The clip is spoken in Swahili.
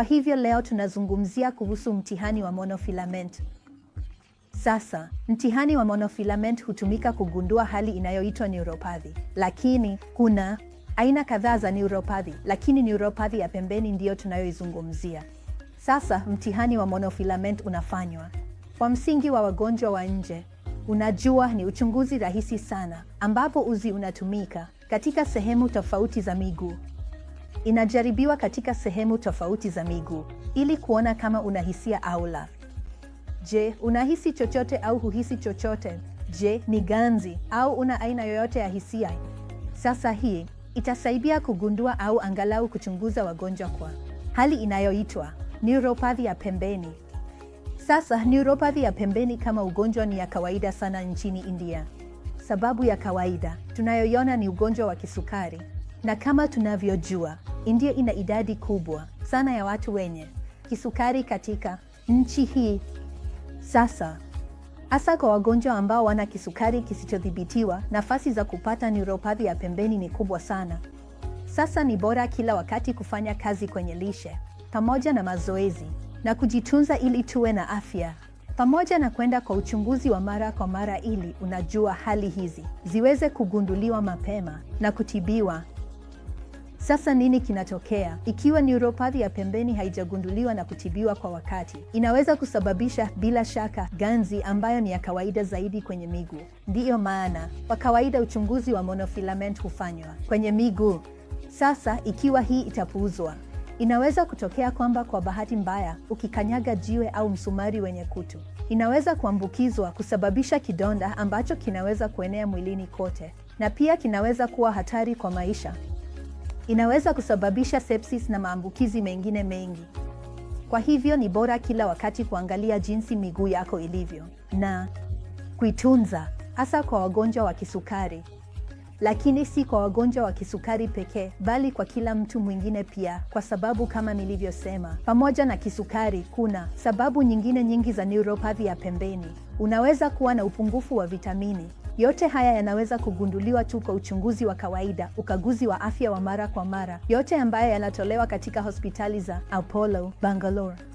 Kwa hivyo leo tunazungumzia kuhusu mtihani wa monofilament. Sasa, mtihani wa monofilament hutumika kugundua hali inayoitwa neuropathy, lakini kuna aina kadhaa za neuropathy, lakini neuropathy ya pembeni ndiyo tunayoizungumzia. Sasa, mtihani wa monofilament unafanywa kwa msingi wa wagonjwa wa nje. Unajua, ni uchunguzi rahisi sana ambapo uzi unatumika katika sehemu tofauti za miguu. Inajaribiwa katika sehemu tofauti za miguu ili kuona kama unahisia au la. Je, unahisi chochote au huhisi chochote? Je, ni ganzi au una aina yoyote ya hisia? Sasa hii itasaidia kugundua au angalau kuchunguza wagonjwa kwa hali inayoitwa neuropathy ya pembeni. Sasa neuropathy ya pembeni kama ugonjwa ni ya kawaida sana nchini India. Sababu ya kawaida tunayoiona ni ugonjwa wa kisukari, na kama tunavyojua, India ina idadi kubwa sana ya watu wenye kisukari katika nchi hii sasa, hasa kwa wagonjwa ambao wana kisukari kisichodhibitiwa, nafasi za kupata neuropathy ya pembeni ni kubwa sana. Sasa ni bora kila wakati kufanya kazi kwenye lishe pamoja na mazoezi na kujitunza ili tuwe na afya, pamoja na kwenda kwa uchunguzi wa mara kwa mara ili unajua hali hizi ziweze kugunduliwa mapema na kutibiwa. Sasa nini kinatokea ikiwa neuropathy ya pembeni haijagunduliwa na kutibiwa kwa wakati? Inaweza kusababisha bila shaka ganzi ambayo ni ya kawaida zaidi kwenye miguu. Ndiyo maana kwa kawaida uchunguzi wa monofilament hufanywa kwenye miguu. Sasa ikiwa hii itapuuzwa, inaweza kutokea kwamba kwa bahati mbaya ukikanyaga jiwe au msumari wenye kutu inaweza kuambukizwa, kusababisha kidonda ambacho kinaweza kuenea mwilini kote, na pia kinaweza kuwa hatari kwa maisha inaweza kusababisha sepsis na maambukizi mengine mengi. Kwa hivyo ni bora kila wakati kuangalia jinsi miguu yako ilivyo na kuitunza, hasa kwa wagonjwa wa kisukari. Lakini si kwa wagonjwa wa kisukari pekee, bali kwa kila mtu mwingine pia, kwa sababu kama nilivyosema, pamoja na kisukari kuna sababu nyingine nyingi za neuropathy ya pembeni. Unaweza kuwa na upungufu wa vitamini yote haya yanaweza kugunduliwa tu kwa uchunguzi wa kawaida, ukaguzi wa afya wa mara kwa mara, yote ambayo yanatolewa katika hospitali za Apollo Bangalore.